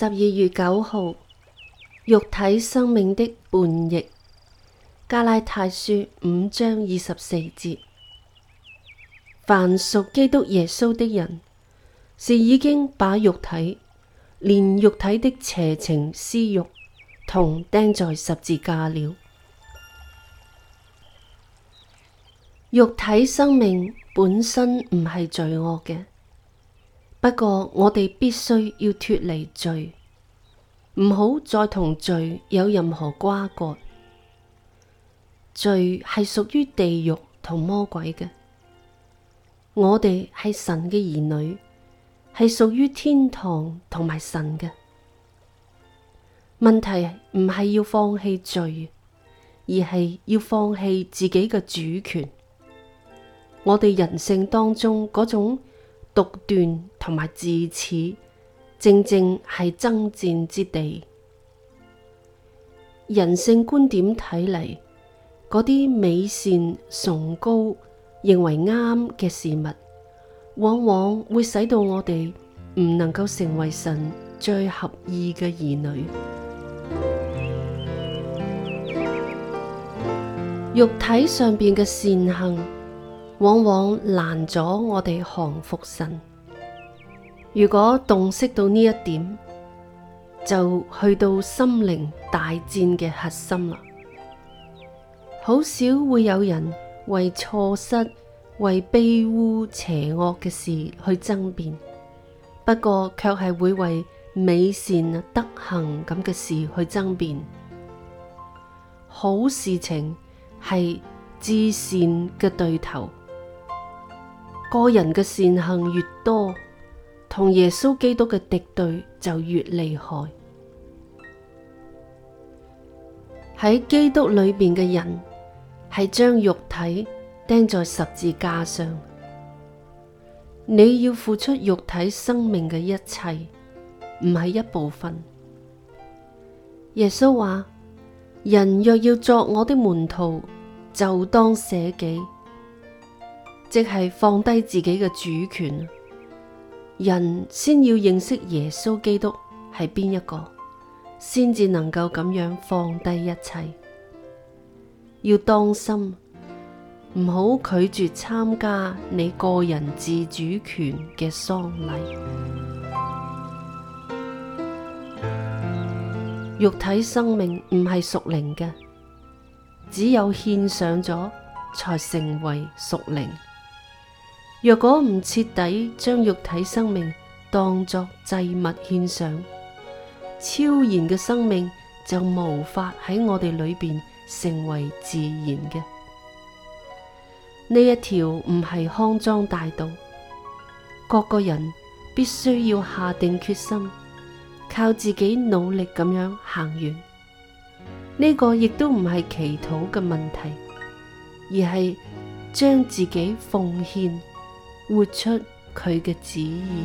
十二月九號，肉體生命的叛逆。加拉太書五章二十四節，凡屬基督耶穌的人，是已經把肉體連肉體的邪情私欲同釘在十字架了。肉體生命本身唔係罪惡嘅。不過我哋必須要脫離罪，唔好再同罪有任何瓜葛。罪係屬於地獄同魔鬼嘅，我哋係神嘅兒女，係屬於天堂同埋神嘅。問題唔係要放棄罪，而係要放棄自己嘅主權。我哋人性當中嗰種。獨斷同埋自恃，正正係爭戰之地。人性觀點睇嚟，嗰啲美善崇高，認為啱嘅事物，往往會使到我哋唔能夠成為神最合意嘅兒女。肉體上邊嘅善行。往往攔阻我哋降服神。如果洞悉到呢一點，就去到心靈大戰嘅核心啦。好少會有人為錯失、為卑污邪惡嘅事去爭辯，不過卻係會為美善、德行咁嘅事去爭辯。好事情係至善嘅對頭。個人嘅善行越多，同耶穌基督嘅敵對就越厲害。喺基督裏邊嘅人，係將肉體釘在十字架上。你要付出肉體生命嘅一切，唔係一部分。耶穌話：人若要作我的門徒，就當捨己。即係放低自己嘅主權，人先要認識耶穌基督係邊一個，先至能夠咁樣放低一切。要當心，唔好拒絕參加你個人自主權嘅喪禮。肉體生命唔係屬靈嘅，只有獻上咗，才成為屬靈。若果唔徹底將肉體生命當作祭物獻上，超然嘅生命就無法喺我哋裏邊成為自然嘅。呢一條唔係康莊大道，各個人必須要下定決心，靠自己努力咁樣行完。呢個亦都唔係祈禱嘅問題，而係將自己奉獻，活出佢嘅旨意。